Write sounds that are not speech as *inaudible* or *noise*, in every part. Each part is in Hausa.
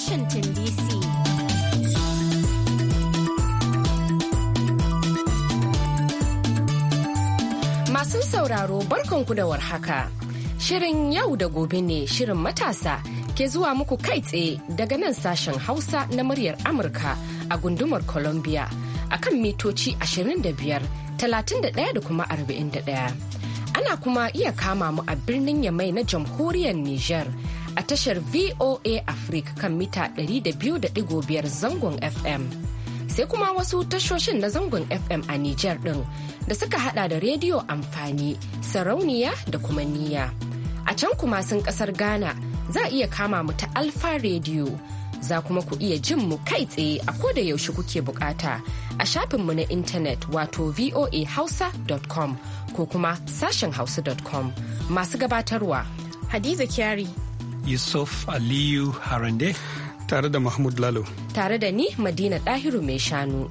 Washington DC. Masu sauraro barkanku da warhaka. Shirin yau da gobe ne shirin matasa ke zuwa muku kai tsaye daga nan sashen Hausa na muryar Amurka a gundumar Columbia a kan mitoci 25, 31 kuma 41. Ana kuma iya kama mu a birnin Yamai na jamhuriyar Nijar. a tashar VOA Africa kan mita 200.5 zangon FM. Sai kuma wasu tashoshin na zangon FM a Nijar ɗin da suka hada da rediyo amfani, sarauniya da kuma niyya. A can kuma sun ƙasar Ghana za a iya kama mu ta Alfa Radio. Za kuma ku iya jin mu kai tsaye a koda yaushe kuke bukata a shafin mu na intanet wato voahausa.com ko kuma sashen hausa.com masu gabatarwa. Hadiza Kyari Yusuf Aliyu Harande. Tare da Mahmud Lalo. Tare da ni Madina Dahiru mai shanu.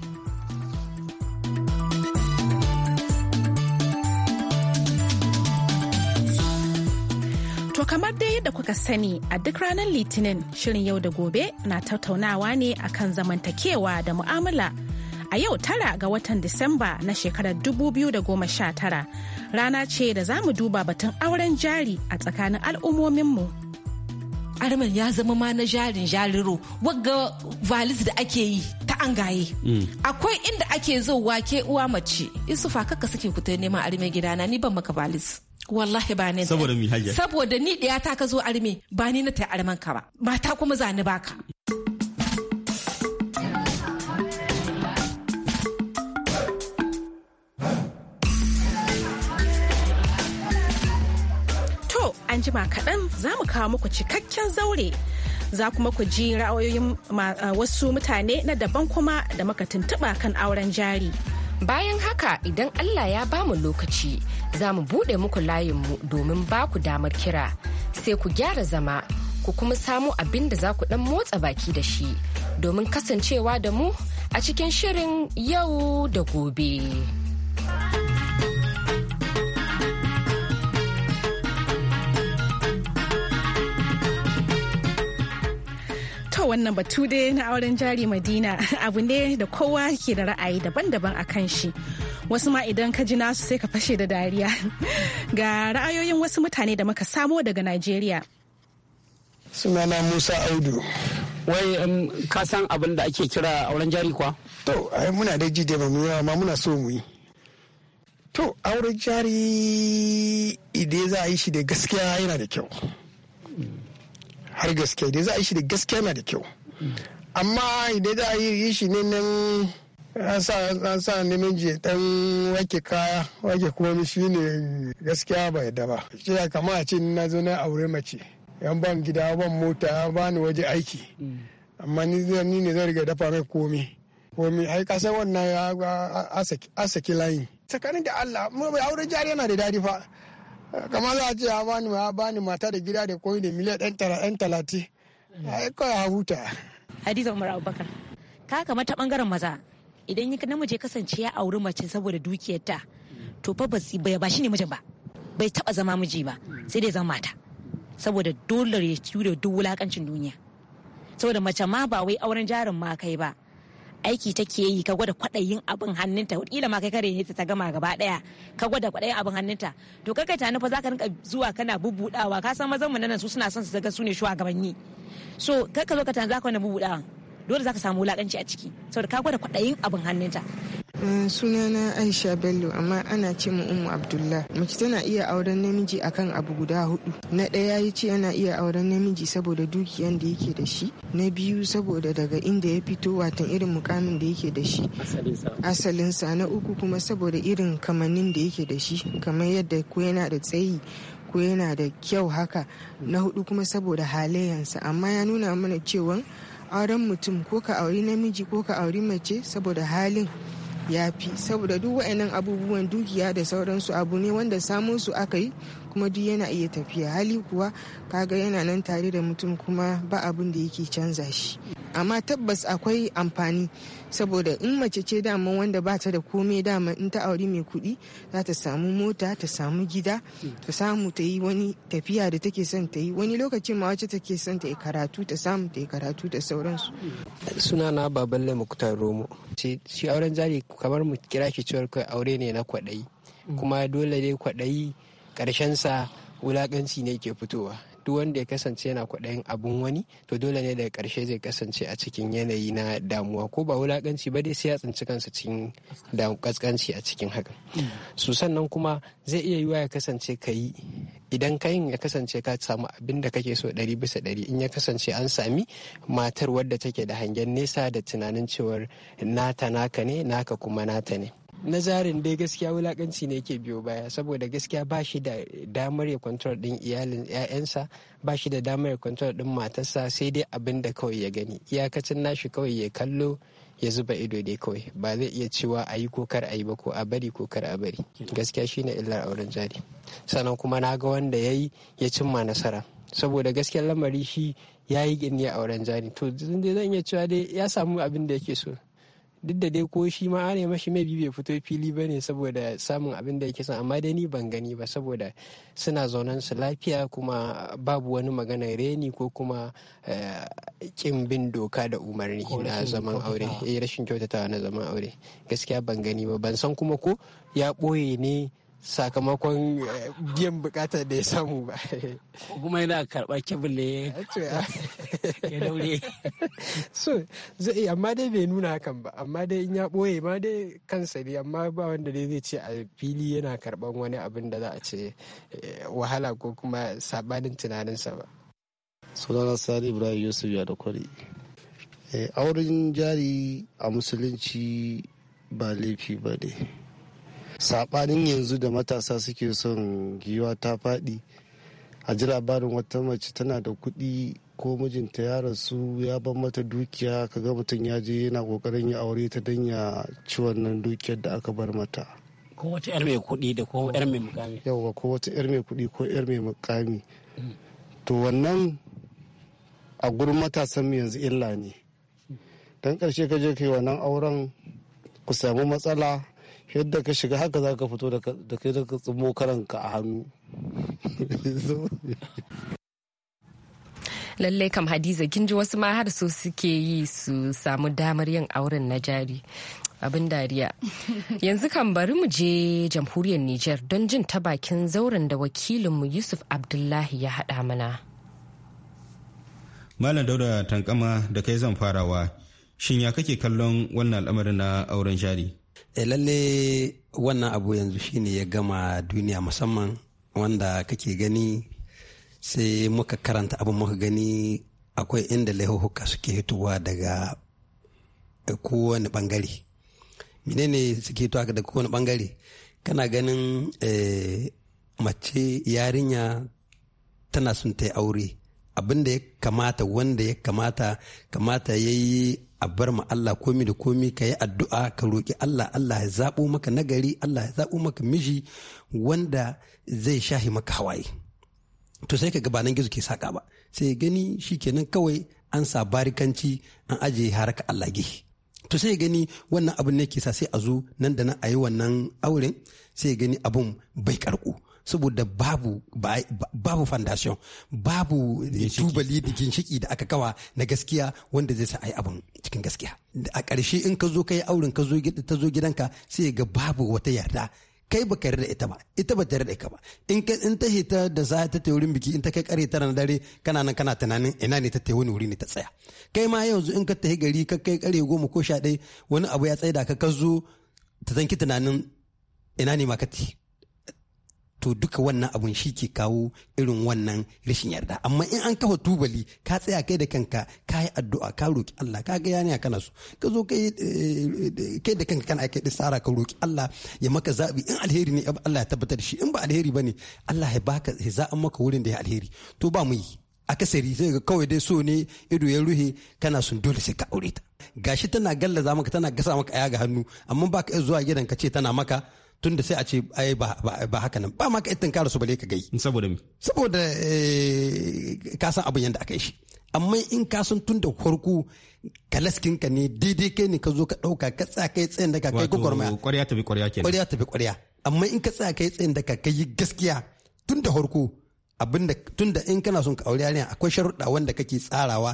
To kamar dai yadda kuka sani a duk ranar Litinin shirin yau da gobe na tattaunawa ne akan zamantakewa da mu'amala. a yau tara ga watan Disamba na shekarar 2019 rana ce da za mu duba batun auren jari a tsakanin al'ummomin mu. arman ya zama ma na jarin jariro wagga valis da ake yi ta an gaye mm. akwai inda ake zowa ke uwa mace isufa kaka suke kuta neman arme gidana ni ban maka valis wallahi ba ne saboda ni saboda ni daya ta ka zo arme ba ni na ta arman ka ba mata kuma zani baka bayan jima kaɗan za mu kawo muku cikakken zaure za kuma ku ji ra'ayoyin wasu mutane na daban kuma da muka tuntuɓa kan auren jari. Bayan haka idan Allah ya ba mu lokaci za mu buɗe muku layinmu domin ba ku damar kira sai ku gyara zama ku kuma samu abin da za ku ɗan motsa baki da shi domin kasancewa da mu a cikin shirin yau da gobe. wannan batu dai na auren jari madina *laughs* abu ne da kowa ke da ra'ayi daban-daban a kan shi wasu ma idan ka ji nasu sai ka fashe da dariya *laughs* ga ra'ayoyin wasu mutane da muka samo daga najeriya sunana musa audu wai um, ka san abin da ake kira auren jari kwa? To, ai muna da ji da muna so mu yi. To, auren jari idan za a yi shi da gaskiya yana da kyau. har gaske dai za a yi shi da gaske na da kyau amma idan za a yi shi ne nan an sa namiji dan wake kaya wake kuma shi ne gaskiya bai da ba shi ya kama a ce na zo na aure mace yan ban gida ban mota ba ni waje aiki amma ni ne zan riga dafa mai komi komi ai kasa wannan ya asaki layin tsakanin da Allah aure jari yana da dadi fa kamar za a ce ya bani ya bani mata da gida da koyi da miliyan ɗan ɗan talati kawai a huta hadiza umar abubakar ka kama ta bangaren maza idan yi namiji ya kasance ya auri mace saboda dukiyarta to fa ba shi ne mijin ba bai taba zama miji ba sai dai zama mata saboda dole ya ciwo da duk wulakancin duniya saboda mace ma ba wai auren jarin ma kai ba aiki take yi ka gwada kwaɗayin abin hannunta wataƙila ma kai kare ta gama gaba ɗaya ka gwada kwaɗayin abin hannunta to kai ta nufa za ka rinka zuwa kana bubuɗawa ka san mazan mu nan su suna son su ga su ne shugabanni so kai ka zo ka za ka wani bubuɗawa dole zaka samu wulakanci a ciki saboda ka gwada kwaɗayin abin hannunta ah, sunana aisha bello amma ana ce mu umu abdullah mace tana iya auren namiji akan abu guda hudu na ɗaya ya ce yana iya auren namiji saboda dukiyan da yake da shi na biyu saboda daga inda ya fito watan irin mukamin da yake da shi asalinsa na uku kuma saboda irin kamannin da yake da shi kamar yadda ko yana da tsayi ko yana da kyau haka na hudu kuma saboda halayensa amma ya nuna mana cewa auren mutum ko ka auri namiji ko ka auri mace saboda halin ya fi saboda duk wa'annan abubuwan dukiya da sauransu abu ne wanda samun su aka yi kuma duk yana iya tafiya hali kuwa kaga yana nan tare da mutum kuma ba abin da yake canza shi amma tabbas akwai amfani saboda in mace ce dama wanda ba ta da komai dama in ta auri mai kuɗi za ta samu mota ta samu gida ta samu ta yi wani tafiya da take son ta yi wani lokacin ma wacce take son ta yi karatu ta samu ta yi karatu da sauransu. suna na baban muktar romo shi auren jari kamar mu kira shi cewar kai aure ne na kwaɗayi kuma dole ne kwaɗayi sa wulakanci ne ke fitowa duk wanda ya kasance yana kwaɗayin abun wani to dole ne daga ƙarshe zai kasance a cikin yanayi na damuwa ko ba wulaƙanci ba dai sai ya tsinci kansa cikin da kaskanci a cikin hakan su sannan kuma zai iya yiwa ya kasance ka yi idan kayin ya kasance ka samu abin da kake so ɗari bisa ɗari in ya kasance an sami matar wadda take da hangen nesa da tunanin cewar nata naka ne naka kuma nata ne na nazarin dai gaskiya wulakanci ne yake biyo baya saboda gaskiya ba shi da damar ya kwantar din iyalin 'ya'yansa ba shi da damar ya kwantar din matarsa sai dai abin da kawai ya gani iyakacin nashi kawai ya kallo ya zuba ido dai kawai ba zai iya cewa a yi ko kar a yi ba ko a bari ko kar a bari gaskiya shine illar auren jari sannan kuma na ga wanda ya yi ya cimma nasara saboda gaskiya lamari shi ya yi gini auren jari to zan iya cewa dai ya samu abin da yake so duk da dai ko shi ma are mashi mai bai fito fili bane saboda samun abin da yake son amma dai ni ban gani ba saboda suna zaunan su lafiya kuma babu wani magana reni ko kuma kin eh, bin doka da umarni na zaman aure eh rashin kyautatawa na zaman aure gaskiya ban gani ba ban san kuma ko ya ɓoye ne sakamakon eh, biyan bukatar da ya samu ba. kuma yana karɓa kebul ne ya daure. so zai amma dai bai nuna hakan ba amma dai in ya ɓoye ma dai kansa ne amma ba wanda dai zai ce a fili yana karɓan wani abin da za a ce eh, wahala ko kuma sabanin tunaninsa ba. sunana sani ibrahim yusuf ya da kwari eh, auren jari a musulunci ba laifi ba ne saɓanin yanzu da matasa suke son giwa ta faɗi a ji labarin wata mace tana da kuɗi ko mijinta ya rasu ya ban mata dukiya kaga mutum ya je yana kokarin ya aure ta don ya ci wannan dukiyar da aka bar mata ko wata yar mai kuɗi da ko yar mai mukami yawwa ko wata yar mai kuɗi ko yar mai mukami mm. to wannan a gurin matasan mu yanzu illa ne don ƙarshe ka je kai wannan auren ku samu matsala yadda ka shiga haka za ka fito da kai da tsimo karanka a hannu lalle kam hadiza kin ji wasu ma har so suke yi su samu damar yin auren na jari abin dariya *laughs* yanzu kan bari mu je jamhuriyar niger don jin ta bakin zauren da wakilinmu yusuf abdullahi ya haɗa mana malam dauda tankama da kai zan farawa shin ya kake kallon wannan al'amarin na auren jari Eh, lalle wannan abu yanzu shine ya gama duniya musamman wanda kake gani sai muka karanta abin muka gani akwai inda laihuhuka suke hitowa daga kowane bangare menene suke hitowa daga kowane bangare kana ganin eh, mace yarinya tana sun ta aure abin da ya kamata wanda ya kamata kamata ya yi a bar ma Allah komi da komi ka yi addu'a ka roƙi Allah Allah ya zaɓo maka nagari Allah ya zaɓo maka miji wanda zai shahi maka hawaye to sai ka gabanin gizo ke saka ba sai gani shi kenan kawai an sa barikanci an ajiye haraka Allah gihi to sai gani wannan abun ne ke sa sai a zo nan da nan a yi wannan auren sai gani abun bai karku saboda babu babu foundation babu tubali da ginshiki da aka kawa na gaskiya wanda zai sa ai abun cikin gaskiya a ƙarshe in ka zo kai auren ka zo ta zo gidanka sai ga babu wata yarda kai ba yarda ita ba ita ba ta yarda ka ba in ka in ta hita da za ta ta wurin biki in ta kai kare tara na dare kana nan kana tunanin ina ne ta ta wani wuri ne ta tsaya kai ma yanzu in ka tahi gari ka kai kare goma ko sha ɗaya wani abu ya da ka ka zo ta zanki tunanin ina ne ma ka tafi to duka wannan abun shi ke kawo irin wannan rashin yarda amma in an kafa tubali ka tsaya kai da kanka ka yi addu'a ka roki Allah ka ga yana kana so ka zo kai eh, kai da kanka kana kai tsara ka roki Allah ya maka zabi in alheri ne Allah ya tabbatar shi in ba alheri bane Allah ya baka an maka wurin da ya alheri to ba mu yi akasari sai ga kawai dai so ne ido ya ruhe kana sun dole sai ka aure ta gashi tana gallaza maka tana gasa maka aya ga hannu amma baka iya zuwa gidan ka ce tana maka tunda sai a ce ai ba haka nan ba ma ka ittin karasu bale ka gai saboda me saboda eh, ka san abin yanda aka yi shi amma in ka san tun da farko kalaskin ka ne daidai kai ne ka zo ka dauka ka tsaya kai tsayin da ka kai gwagwarmaya kwarya tafi kwarya kenan kwarya tafi kwarya amma in ka tsaya kai tsayin da ka kai gaskiya tun da farko abinda tun da in kana son ka aure yarinya akwai sharuɗa wanda kake tsarawa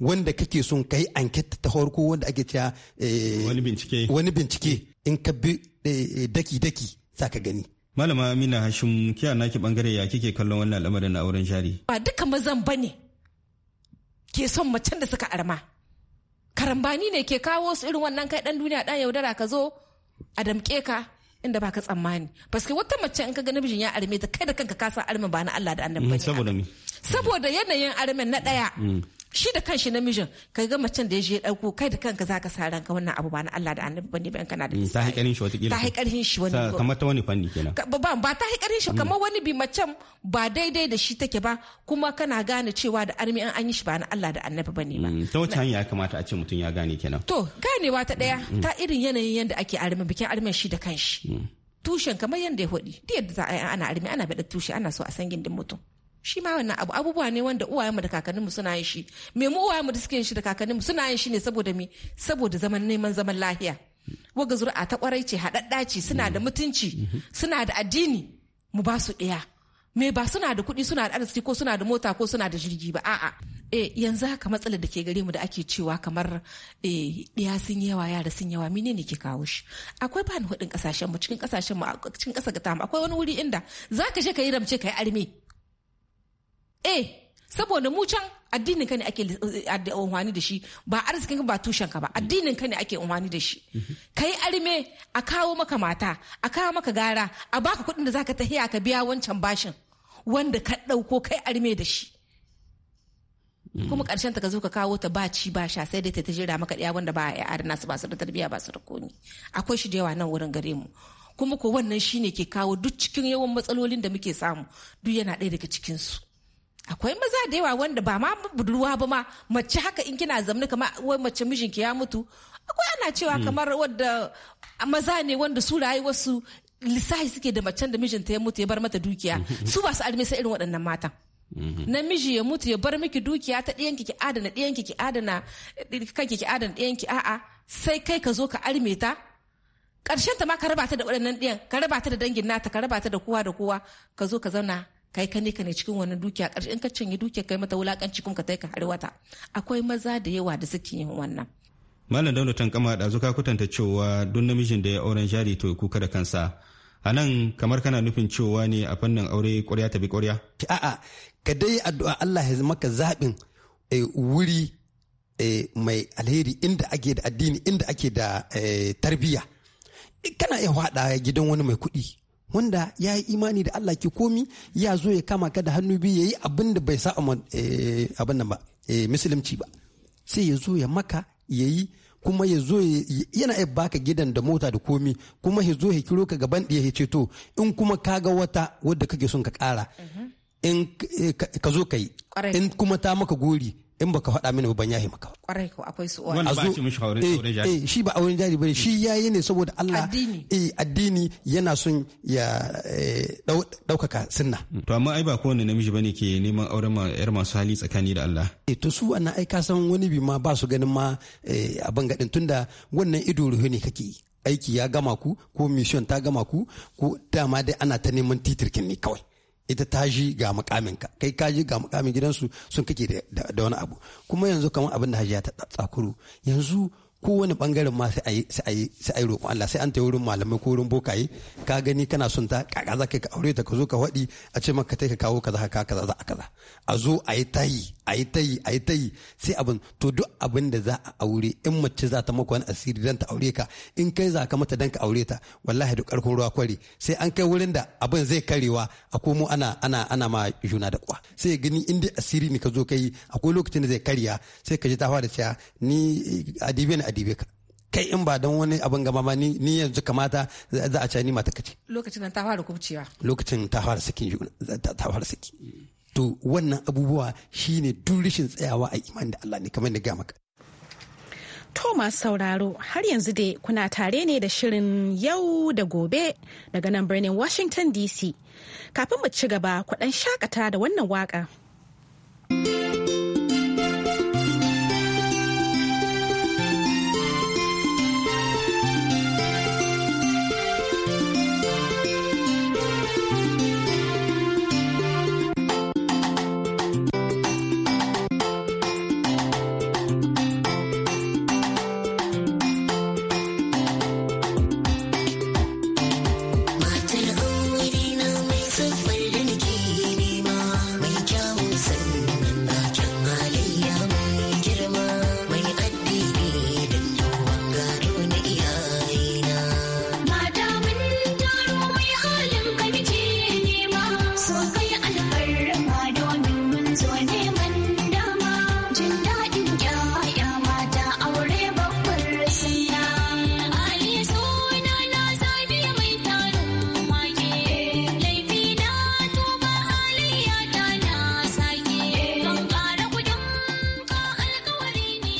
wanda kake son ka yi anket ta farko wanda ake cewa eh, wani bincike wani bincike in ka bi daki-daki eh, za ka gani malama amina hashim kiya naki bangare ya kike kallon wannan al'amarin na auren jari ba duka mazan bane ke son macen da suka arma karambani ne ke kawo su irin wannan kai dan duniya dan yaudara ka zo a damke ka inda baka tsammani paske wata mace in ka ga namijin ya arme ta kai da kanka ka san arme ba na Allah da annabi mm, bane saboda me saboda yanayin armen na daya mm. shi da kanshi namijin ka ga macen da ya je dauko kai da kanka zaka sa ranka wannan abu ba na Allah da Annabi bane ba in kana da mm, ta haƙarin shi wata ta haƙarin shi wani kamar ta wani fanni kenan ba ba ta haƙarin shi mm. kamar wani bi macen ba daidai da shi take ba kuma kana gane cewa da armi an yi shi ba na Allah da Annabi bane ba mm, ta wace hanya ya kamata a ce mutum ya gane kenan to ganewa ta daya ta irin yanayin yadda ake armi bikin armin shi da kanshi tushen kamar yadda ya hudi da yadda za a yi ana armi ana bada tushe ana so a san gindin mutum shi ma wannan abu abubuwa ne wanda uwayenmu da kakanninmu suna yin shi me mu uwayenmu da suke yin shi da kakanninmu suna yin shi ne saboda me saboda zaman neman zaman lahiya waga zuri'a ta kwarai ce haɗaɗɗa ce suna da mutunci suna da addini mu ba su ɗaya me ba suna da kuɗi suna da arziki ko suna da mota ko suna da jirgi ba a'a e yanzu haka matsalar da ke gare mu da ake cewa kamar e eh, ɗaya sun yawa yara sun yawa menene ke kawo shi akwai ba ni hudin kasashen mu cikin kasashen mu cikin ƙasa ga tamu akwai wani wuri inda zaka je ka yi ramce ka yi arme eh saboda mu can addinin ka ne ake eh, unhwani da shi ba arzikin ba tushen ka ba mm-hmm. addinin ka ne ake unhwani da shi mm-hmm. Ka yi arme a kawo maka mata a kawo maka gara a baka kuɗin da zaka tahiya ka biya wancan bashin wanda ka ɗauko kai arme da shi mm-hmm. kuma karshen ta ka zo ka kawo ta ba ci ba sha sai dai ta jira maka ɗaya wanda ba ya arna su ba su da tarbiyya ba su da komi akwai shi da yawa nan wurin gare mu kuma ko wannan shine ke kawo duk cikin yawan matsalolin da muke samu duk yana ɗaya daga cikin su akwai maza da yawa wanda ba ma budurwa ba ma mace haka in kina zamani kamar wai mace mijinki ya mutu akwai ana cewa hmm. kamar wadda maza ne wanda su rayuwarsu lissahi suke da macen da mijinta ya mutu ya bar mata dukiya *laughs* su ba su almisa irin waɗannan matan hmm. namiji ya mutu ya bar miki dukiya ta ɗiyanki ki adana ɗiyanki ki adana kanki ki adana ɗiyanki a'a sai kai ka zo ka arme ta ƙarshen ta ma ka raba ta da waɗannan ɗiyan ka raba ta da dangin nata ka raba ta da kowa da kowa ka zo ka zauna kai ka ne ka ne cikin wannan dukiya karshe in ka cinye dukiya kai mata wulakanci kuma ka tai ka hari wata akwai maza da yawa da suke yin wannan malam dauda tankama da zuka kutanta cewa duk namijin da ya auren jari to kuka da kansa a nan kamar kana nufin cewa ne a fannin aure kwarya ta bi ƙwarya a'a ka dai addu'a Allah ya maka zaɓin eh, wuri eh, mai alheri inda ake da addini inda ake da eh, tarbiyya kana iya haɗa gidan wani mai kuɗi wanda ya yi imani da Allah ke komi ya zo ya kama ka da hannu biyu ya yi abin da bai sa eh, abin nan ba eh, musulunci ba sai ya zo ya maka ya yi kuma ya zo yana iya baka gidan da mota da komi kuma ya zo ya kiro ka gaban ɗaya ya ce to in kuma ka ga wata wadda kake son ka kara mhm. in eh, ka zo ka yi in kuma ta maka gori in baka faɗa mini ban yahi maka kwarai ko akwai su ba shi mishi eh, aure jari eh shi ba auren jari bane shi yayi ne saboda Allah addini eh addini yana son ya eh, daukaka sunna to amma ai ba kowanne namiji bane ke neman auren ma yar masu hali tsakani da Allah eh to su wannan ai ka san wani bi ma ba su ganin ma eh, abin gadin tunda wannan ido ruhu ne kake aiki ya gama ku ko mission ta gama ku ko dama dai ana ta neman titirkin ne kawai ita ta ji ga mukaminka kai ka ji ga mukamin gidansu sun kake da wani abu kuma yanzu kamar abin da hajiya ta tsakuru yanzu kowane bangaren ma sai a yi roƙon Allah sai an ta wurin malamai ko wurin bokaye ka gani kana son ta kaka za ka aure ta ka zo ka waɗi a ce maka kai ka kawo kaza ka kaza za a kaza a zo a yi tayi a yi tayi a yi tayi sai abin to duk abin da za a aure in mace za ta maka wani asiri dan ta aure ka in kai za ka mata dan ka aure ta wallahi duk ruwa kwari sai an kai wurin da abin zai karewa a komo ana ana ana ma juna da kwa sai gani in dai asiri ne ka zo kai akwai lokacin da zai karya sai ka ji ta fara cewa ni adibi a dibe ka kai in ba don wani abin gama ma ni yanzu kamata za a ce ni mata kace lokacin ta fara kubcewa lokacin ta fara sakin ta fara saki to wannan abubuwa shine duk rashin tsayawa a imani da Allah ne kamar ni ga maka thomas sauraro har yanzu dai kuna tare ne da shirin yau da gobe daga nan birnin Washington DC. Kafin mu ci gaba kuɗan shakata da wannan waka.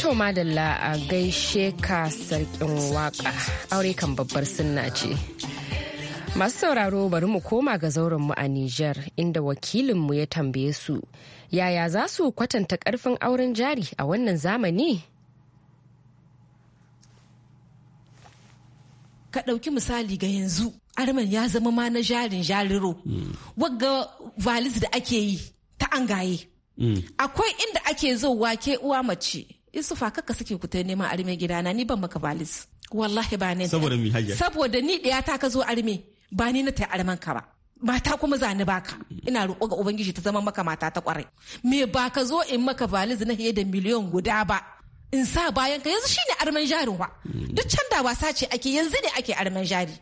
To madalla a gaishe ka sarkin waka aure kan babbar sunna ce. Masu sauraro bari mu koma ga zauren mu a Nijar inda mu ya tambaye su yaya za su kwatanta karfin auren jari a wannan zamani? Ka ɗauki misali ga yanzu, arman ya zama ma na jarin jariro, hmm. wagga valis da ake yi ta an gaye. Hmm. Akwai inda ake zo ke uwa mace isufa kakka sake ku ta neman arme gidana ni ban maka balis wallahi ba ne saboda mi saboda ni ɗaya ta ka zo arme ba ni na ta arman ka ba mata kuma zani baka ina roƙo ga ubangiji ta zama maka mata ta kwarai me ba ka zo in maka balis na hiyar da miliyan guda ba in sa bayan ka yanzu shine arman jarin wa duk can da wasa ce ake yanzu ne ake arman jari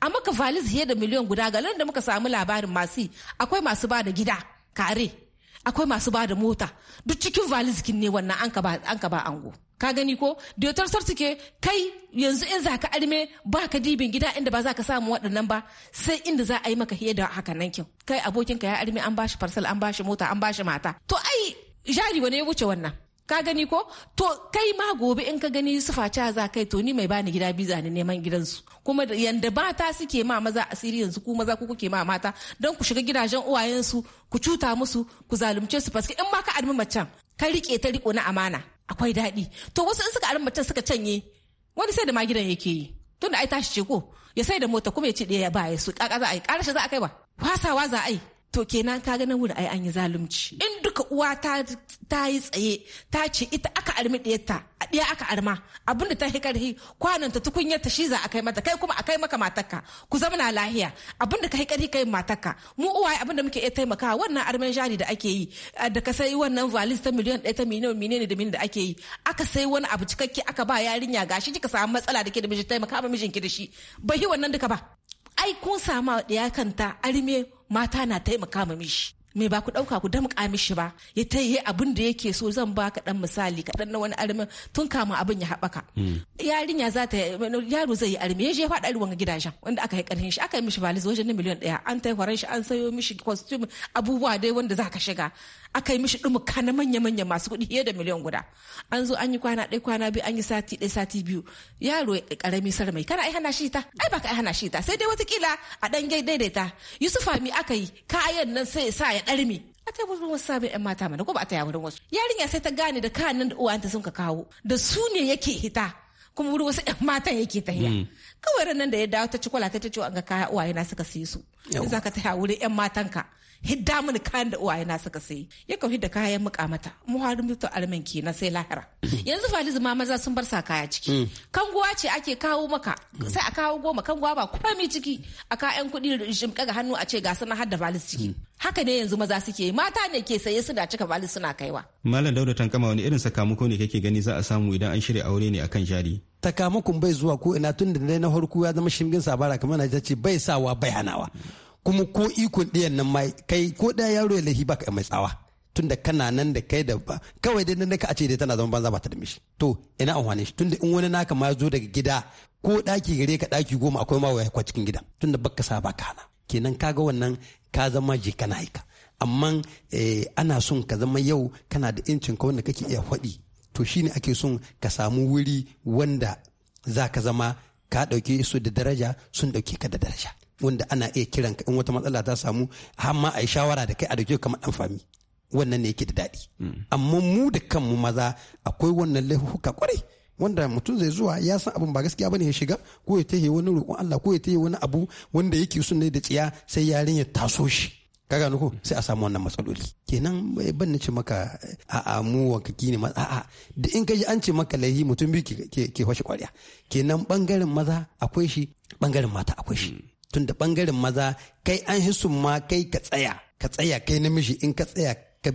a maka valis hiyar da miliyan guda ga da muka samu labarin masu akwai masu ba da gida kare akwai masu ba da mota duk cikin valizikin ne wannan an ka ba ango ka gani ko dotar sartike kai yanzu in za ka arme ba ka dibin gida inda ba za ka samu waɗannan ba sai inda za a yi maka hiyar da haka nan kin kai abokinka ya arme an bashi farsal an bashi mota an bashi mata to ai jari wani ya wuce wannan ka gani ko to kai ma gobe in ka gani su face za kai to ni mai bani gida biza ne neman gidansu kuma yanda mata suke ma maza asiri yanzu ku maza ku kuke ma mata don ku shiga gidajen uwayensu ku cuta musu ku zalunce su paske in ma ka admi macen ka rike ta riko na amana akwai daɗi to wasu in suka admi macen suka canye wani sai da ma gidan yake yi tunda ai tashi ce ko ya sai da mota kuma ya ce ɗaya ba ya su ƙaƙa za a yi ƙarashi za a kai ba fasawa za a yi to kenan ka ga na wuri ai an yi zalunci in duka uwa ta yi tsaye ta ce ita aka armi ɗayarta a ɗiya aka arma abinda ta hikarhi kwanan ta tukunyar ta shi za a kai mata kai kuma a kai maka matarka ku zama na lahiya abinda ka hikarhi kai matarka mu uwaye abinda muke iya taimakawa wannan armen jari da ake yi da ka sai wannan valise ta miliyan ɗaya ta miliyan miliyan da miliyan da ake yi aka sai wani abu cikakke aka ba yarinya gashi kika samu matsala da ke da miji taimaka ma mijinki da shi bai yi wannan duka ba ai kun sama ya kanta arme mata na taimaka ma mishi me ba ku ɗauka ku damƙa mishi ba ya ta yi abin da yake so zan ba ka dan misali kaɗan na wani arme tun kama abin ya haɓaka hmm. yarinya za ta yaro zai yi arme ya je faɗa ruwan gidajen wanda aka yi ƙarfin shi aka yi mishi valiz wajen na miliyan ɗaya an ta yi shi an sayo mishi costume abubuwa dai wanda za ka shiga aka yi mishi ɗumuka kana manya-manya masu kuɗi fiye da miliyan guda an zo an yi kwana ɗaya kwana biyu an yi sati ɗaya sati biyu yaro ya ƙarami mai kana ai hana shi ta ai baka ai hana shi ta sai dai watakila a ɗan gai daidaita yusufa mi aka yi kayan nan sai sa ya ɗarmi a ta wurin wasu sabon 'yan mata mana ko ba a ta wurin wasu yarinya sai ta gane da kayan nan da ta sun ka kawo da su ne yake hita kuma wuri wasu 'yan matan yake tahiya mm. kawai ran nan da ya dawo ta ci kwala ta ce ga kaya uwaye na suka siye su in ka taya wurin yan matan ka hidda mini kayan da uwaye na suka sayi yakan hidda kayan muka mata mu har mutu almin na sai lahira *clears throat* yanzu falizu ma maza sun bar sa kaya ciki mm. kanguwa ce ake kawo maka mm. sai a kawo goma kanguwa ba komai ciki a kayan kuɗi shimƙa ga hannu a ce ga sanar hadda falis ciki mm. haka ne yanzu maza suke mata ne ke saye suna cika falis suna kaiwa malam dauda tankama wani irin sakamako ne kake gani za a samu idan an shirya aure ne akan jari takamakon bai zuwa ko ina tun da dai na farko ya zama shimgin sabara kamar na ce bai sawa bai hanawa kuma ko ikon ɗiyan nan mai kai ko ɗaya yaro ya lahi baka mai tsawa tun da kana nan da kai da ba kawai dai nan ka a ce dai tana zama banza ba ta da mishi to ina amfani shi tun da in wani naka ma zo daga gida ko ɗaki gare ka ɗaki goma akwai ma waya cikin gida tun da baka sa baka hana kenan ka ga wannan ka zama je kana aika amma eh, ana son ka zama yau kana da incin ka wanda kake iya faɗi to shi ne ake son ka samu wuri wanda za ka zama ka ɗauke su da daraja sun ɗauke ka da daraja wanda ana iya kiran ka in wata matsala ta samu har a yi shawara da kai a ɗauke kamar ɗan fami wannan ne yake da daɗi amma mu da kanmu maza akwai wannan laifuka kwarai wanda mutum zai zuwa ya san abin ba gaskiya bane ya shiga ko ya tahe wani roƙon Allah ko ya tahe wani abu wanda yake sun ne da tsiya sai yarinya taso shi ka gano ko sai a samu wannan matsaloli kenan ban na ce maka a mu wankaki ne a'a da in ka ji an ce maka laihi mutum biyu ke washe kwarya kenan bangaren maza akwai shi bangaren mata akwai shi tun da bangaren maza kai an hisu ma kai ka tsaya ka tsaya kai namiji in ka tsaya ka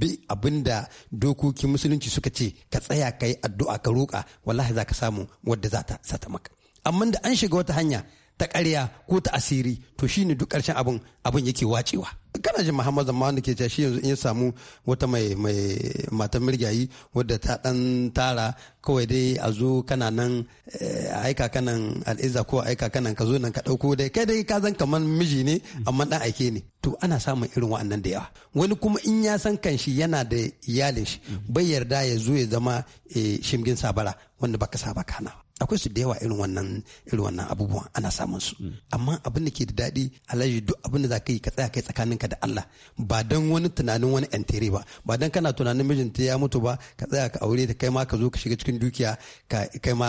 bi abin da dokokin musulunci suka ce ka tsaya kai addu'a ka roƙa wallahi za ka samu wadda za ta maka amma da an shiga wata hanya ta ƙarya ko ta asiri to shine duk ƙarshen abin abin yake wacewa kana jin Muhammad Zamman ke cewa shi yanzu in ya samu wata mai mai matan mirgayi wadda ta dan tara kawai dai a zo kana nan eh, aika kanan al'iza ko aika kanan ka zo nan ka dauko dai kai dai ka zan kaman miji ne amma dan aike ne to ana samun irin wa'annan da yawa wani kuma in ya san kanshi yana da iyalin shi bai yarda ya zo ya zama eh, shimgin sabara wanda baka saba kana akwai su da yawa irin wannan irin wannan abubuwa ana samun su mm. amma abin da ke da daɗi alhaji duk abin da za ka yi ka tsaya kai tsakaninka da Allah ba dan wani tunanin wani yantere ba ba dan kana tunanin mijinta ya mutu ba ka tsaya ka aure ta kai ma ka zo ka shiga cikin dukiya ka kai ma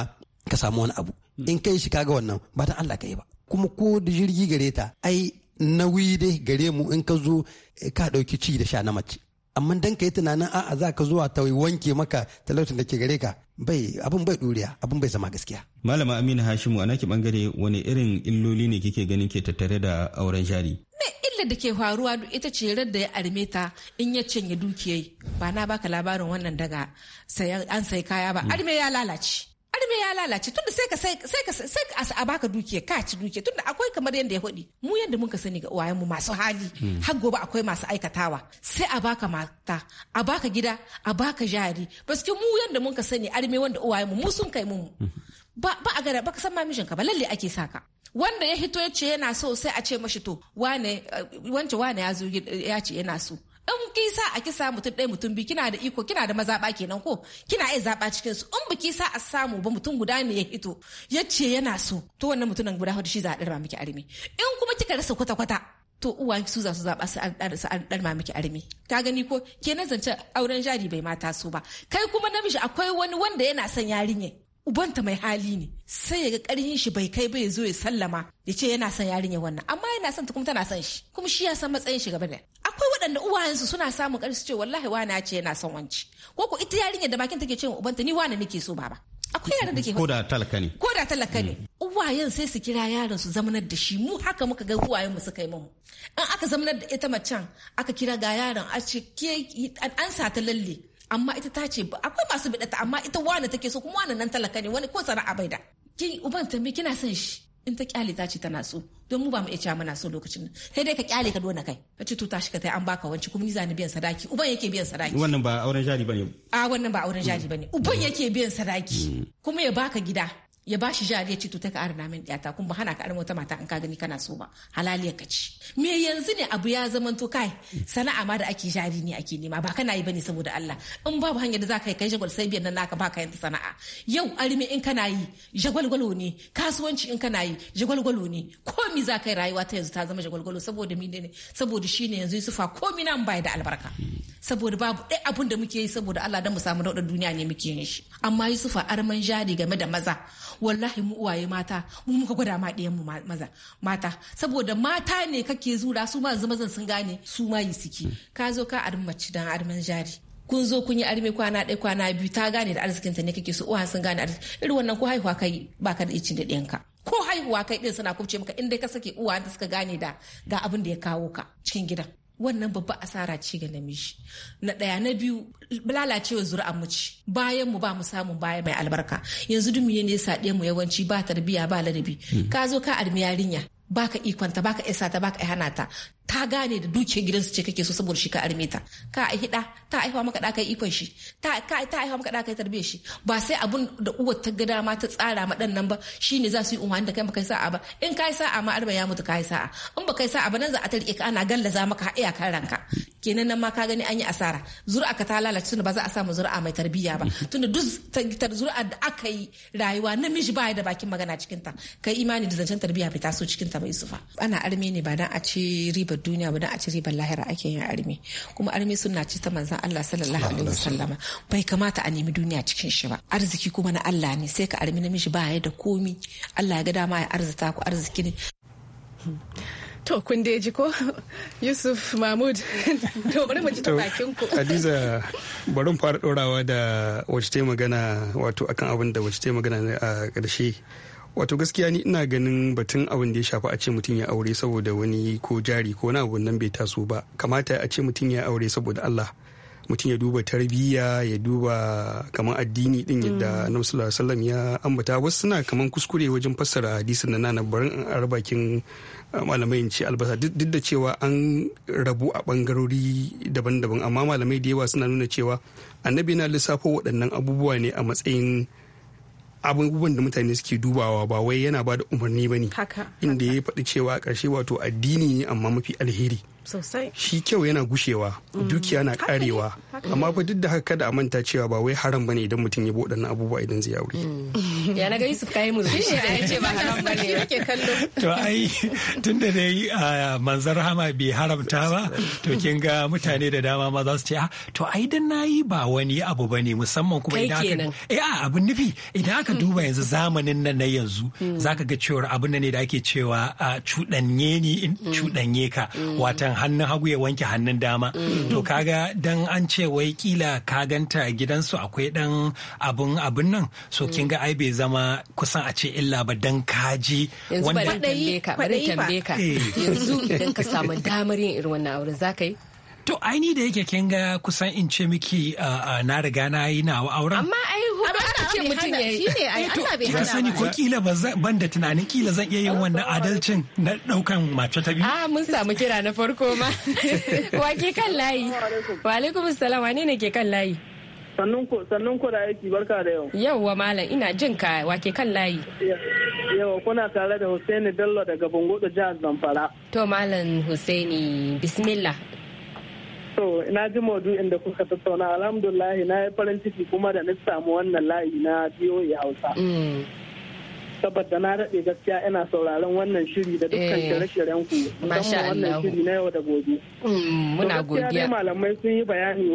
ka samu wani abu mm. in kai shi kaga wannan ba dan Allah ka yi ba kuma ko da jirgi gare ta ai nauyi dai gare mu in ka zo eh, ka dauki ci da sha na mace amma dan ka yi tunanin a'a za ka zuwa ta wanke maka talaucin da ke gare ka bai abin bai ɗuriya abin bai zama gaskiya malama amina hashimu a naki bangare wani irin illoli ne kike ganin ke tattare da auren jari me illa da ke faruwa duk ita ce yadda ya arme ta in ya cinye dukiyai ba na baka labarin wannan daga an sai kaya ba arme ya lalace arme ya lalace tunda sai ka sai ka sai ka a baka dukiya ka ci dukiya tunda akwai kamar yadda ya faɗi mu yadda muka sani ga uwayenmu masu hali hmm. har gobe akwai masu aikatawa sai a baka mata a baka gida a baka jari baske mu yadda muka sani arme wanda uwayenmu mu sun kai mu hmm. ba ba a gara baka san ma mijinka ba lalle ake saka wanda ya hito ya ce yana so sai a ce mashi to wane eh, wance wane ya zo ya ce yana so in ki sa a kisa mutum ɗaya mutum biyu kina da iko kina da mazaɓa kenan ko kina iya zaɓa cikin su in biki sa a samu ba mutum guda ne ya hito ya ce yana so to wannan mutumin guda hudu shi za a ɗarma miki armi in kuma kika rasa kwata-kwata to uwa su za su zaɓa su an ɗarma miki armi ka gani ko kenan zance auren jari bai mata so ba kai kuma namiji akwai wani wanda yana son yarinya ubanta mai hali ne sai ya ga karhin shi bai kai ba ya zo ya sallama ya ce yana son yarinya wannan amma yana son ta kuma tana son shi kuma shi ya san matsayin shi gaba da waɗanda uwayensu suna samun ƙarfi su ce wallahi wani ya ce yana son wanci ko ko ita yarinyar da bakin take ce ubanta ni wani nake so baba akwai yaran da ke ko da talaka ne ko da talaka ne mm. uwayen sai su kira yaron su zamanar da shi mu haka muka ga uwayen mu suka yi mu in aka zamanar da ita macen aka kira ga yaron a ce ke an sa ta lalle amma ita ta ce akwai masu bidata amma ita wani take so kuma wani nan talaka ne wani ko sana'a bai da ki uban tambi kina son shi in ta kyale ta ce tana so don mu ba mu iya muna so lokacin sai dai ka kyale ka dona kai ka ce to tashi ka tai an baka wanci kuma ni zani biyan sadaki uban yake biyan sadaki wannan ba auren jari bane a wannan ba auren jari bane uban mm. yake biyan sadaki mm. kuma ya baka gida ya bashi jari ya ce to ta ka arna min ɗiyata kuma hana ka arma wata mata an ka gani kana so ba halaliya ka ci me yanzu ne abu ya zama to kai sana'a ma da ake jari ne ake nema ba kana yi bane saboda Allah in babu hanyar da zaka yi kai jagwal sai biyan nan naka ba ka yanta sana'a yau arimi in kana yi jagwalgwalo ne kasuwanci in kana yi jagwalgwalo ne komi za ka yi rayuwa ta yanzu ta zama jagwalgwalo saboda mi ne saboda ne yanzu Yusufa komi na baya da albarka saboda babu ɗaya abun da muke yi saboda Allah dan mu samu dauɗar duniya ne muke yin shi amma Yusufa arman jari game da maza wallahi mu uwaye mata mu muka gwada ma ɗayan mu maza mata saboda mata ne kake zura su ma zama sun gane su ma yi suke ka zo ka armaci dan arman jari kun zo kun yi arme kwana ɗaya kwana biyu ta gane da arzikinta ne kake so uwa sun gane arziki irin wannan ko haihuwa kai baka da icin da ɗiyanka ko haihuwa kai ɗin suna kubce maka inda ka sake uwa da suka gane da ga abin da ya kawo ka cikin gidan wannan babba asara ce ga namiji na ɗaya na biyu lalacewa zuri'a mu muci bayan mu ba mu samun baya mai albarka yanzu duk ne yasa ɗaya mu yawanci ba tarbiya ba ladabi hmm. ka zo ka armi yarinya baka ikonta baka isa ta baka hana ta ta gane da dukiyar su ce kake so saboda shi ka arme ta ka hida ta haifa maka da kai ikon shi ta ta haifa maka da kai tarbiyar shi ba sai abun da uwar ta gada ma ta tsara ma dan nan ba shine za su yi umarni da kai maka sa'a ba in kai sa'a ma arba ya mutu kai sa'a in ba kai sa'a ba nan za a tarike ka ana gallaza maka iya kan ranka kenan nan ma ka gani an yi asara zuri'a ka ta lalace tunda ba za a samu zuri'a mai tarbiyya ba mm-hmm. tunda duk zuri'a da aka yi rayuwa namiji ba da bakin magana cikin ta kai imani da zancen tarbiyya bai taso cikin ta ba isufa ana arme ne ba dan a ce riba duniya ba don a ci ribar lahira ake yin armi kuma armi suna ci ta manzan Allah sallallahu alaihi wasallama bai kamata a nemi duniya cikin shi ba arziki kuma na Allah ne sai ka armi namiji ba ya da komi Allah ya ga dama ya arzita ku arziki ne To kun da ji ko *laughs* Yusuf Mahmud *laughs* to bari mu ji ta bakin ku. *laughs* Hadiza bari mu fara dorawa da wacce ta magana wato akan abin da wacce ta magana a ƙarshe wato gaskiya ni ina ganin batun abin da ya shafi a ce mutum ya aure saboda wani ko jari ko wani abu nan bai taso ba kamata a ce mutum ya aure saboda Allah mutum ya duba tarbiyya ya duba kamar addini din yadda mm. na sallallahu alaihi ya ambata wasu suna kamar kuskure wajen fassara hadisin da nana barin arbakin ah, malamai ce albasa duk da cewa an rabu a bangarori daban-daban amma malamai da yawa suna nuna cewa annabi na lissafo waɗannan abubuwa ne a matsayin abubuwan da mutane suke dubawa ba wai yana ba da umarni ba ne inda ya faɗi cewa a ƙarshe wato addini ne amma mafi alheri sosai shi kyau yana gushewa mm. dukiya na karewa amma fa duk da haka kada a manta cewa ba wai haram bane idan mutum ya bude na abubuwa idan zai aure mm. *laughs* ya na ga Yusuf kai murmushi ya ce ba haram bane yake kallo to ai tunda dai manzar hama bai haramta ba to kin ga mutane da dama ma za su ce ah, to ai dan nayi ba wani abu bane musamman kuma idan haka eh a abin nufi idan haka mm. duba yanzu zamanin nan na yanzu zaka ga cewa abin ne da ake cewa cuɗanye ni cuɗanye ka watan hannun hagu ya wanke hannun dama mm. to kaga dan an ce wai kila ka ganta gidansu akwai dan abun abun nan so mm. kin ga ai bai zama kusan a ce illa ba dan kaji wanda bari tambaye ka eh. yanzu idan ka samu damar yin irin wannan auren zaka yi To aini da yake kin ga kusan in ce miki na riga na yi nawa auren. Amma ai aro ana ce mutum ya yi shine ai Allah bai hana sani ko kila ban da tunanin kila zan iya yin wannan adalcin na daukan mace ta biyu a ah, mun samu kira na farko ma *laughs* wa ke kan layi wa alaikum assalam wane ne ke kan layi sannun ku da aiki barka da yau yauwa malam ina jin ka wake kan layi yawa kuna tare da Hussaini Bello daga Bungodo jihar Zamfara to malam Hussaini bismillah so ina ji maudu'in da kuka tattauna alhamdulillah na yi farin ciki kuma da na samu wannan layi na biyoyi hausa mm. saboda na daɗe gaskiya ina sauraron wannan shiri da dukkan eh. shirye-shiryen ku musamman wannan shiri na yau da gobe mm, muna godiya malamai sun yi bayani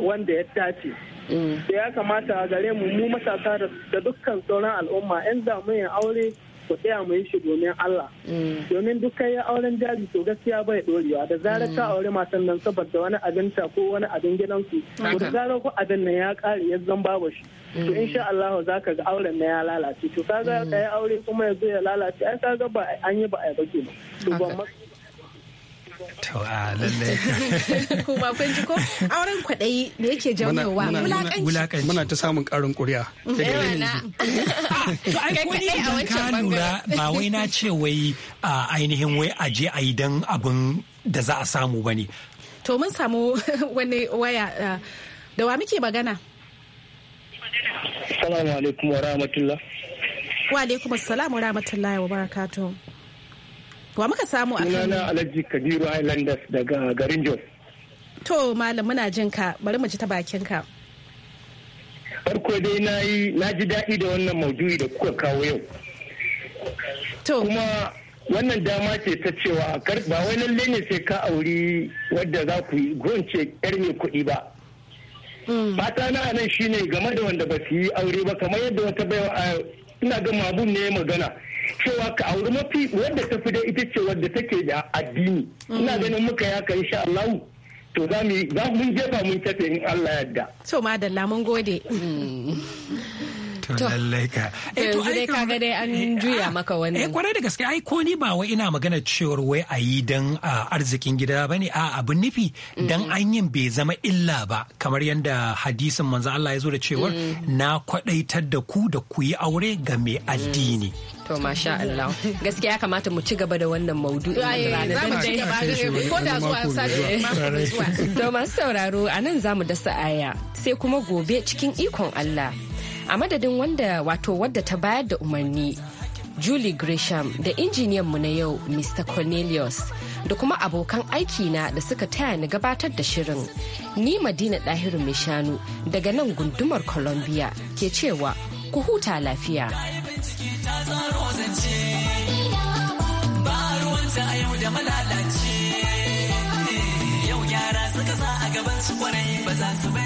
wanda ya tace mm. da ya kamata gare mu mu matasa da dukkan sauran al'umma 'yan zamuyin aure ku tsaya mu yi shi domin Allah mm. domin duk kai auren jari to gaskiya bai dorewa da zarar ka mm. aure masan nan saboda wani abinta ko wani abin gidansu su da zarar ko abin nan ya kare ya zan babu shi to mm. insha Allah za ka ga auren na ya lalace to kaga da aure kuma ya zo ya lalace ai kaga ba an yi ba a yi ba to ban To a ah, lallai. *laughs* Kuma kun ji ko auren kwaɗayi da yake janyowa wulakanci. Muna ta samun ƙarin ƙuri'a. *laughs* ai ka lura ba wai na ce wai ainihin wai a je a yi don abin da za a samu ba ne. To mun samu *laughs* wani waya da wa muke magana? Salamu alaikum wa rahmatullah. Wa alaikum assalam wa rahmatullahi wa barakatuh. Wa muka samu a kan na Alhaji Kabiru Islanders daga garin Jos. To malam muna jin ka bari mu ji ta bakin ka. Farko dai na yi na ji daɗi da wannan maudu'i da kuka kawo yau. To kuma wannan dama ce ta cewa ba wai lalle ne sai ka auri wadda za ku yi gonce yar mai kuɗi ba. Mm. Fata na anan shine game da wanda ba su yi aure ba kamar yadda wata baiwa ina ga mabun ne magana cewa ka auri mafi wadda ta fi da ita ce wadda take da addini ina mm. ganin muka ya kai sha Allahu to za mu mun jefa mun tafe in Allah yadda to madalla mun gode mm. to lallai ka eh, yanzu dai ga dai an eh, ah, juya maka wannan eh kwarai da gaske ai ko ni ba wai ina magana cewar wai a yi dan ah, arzikin gida bane a abin nufi dan an yin bai zama illa ba kamar yanda hadisin manzo Allah ya zo da cewar mm. na kwadaitar da ku da ku yi aure ga mai mm. addini To masha Allah. Gaskiya ya kamata mu ci gaba da wannan maudu'in ranar. da ko da zuwa sai Thomas sauraro anan zamu dasa aya sai kuma gobe cikin ikon Allah. a madadin wanda wato wadda ta bayar da umarni julie gresham da injiniyan mu na yau mr cornelius da kuma abokan aikina da suka taya ni gabatar da shirin ni madina ɗahiru mai shanu daga nan gundumar columbia ke cewa ku huta lafiya yau ba za su bai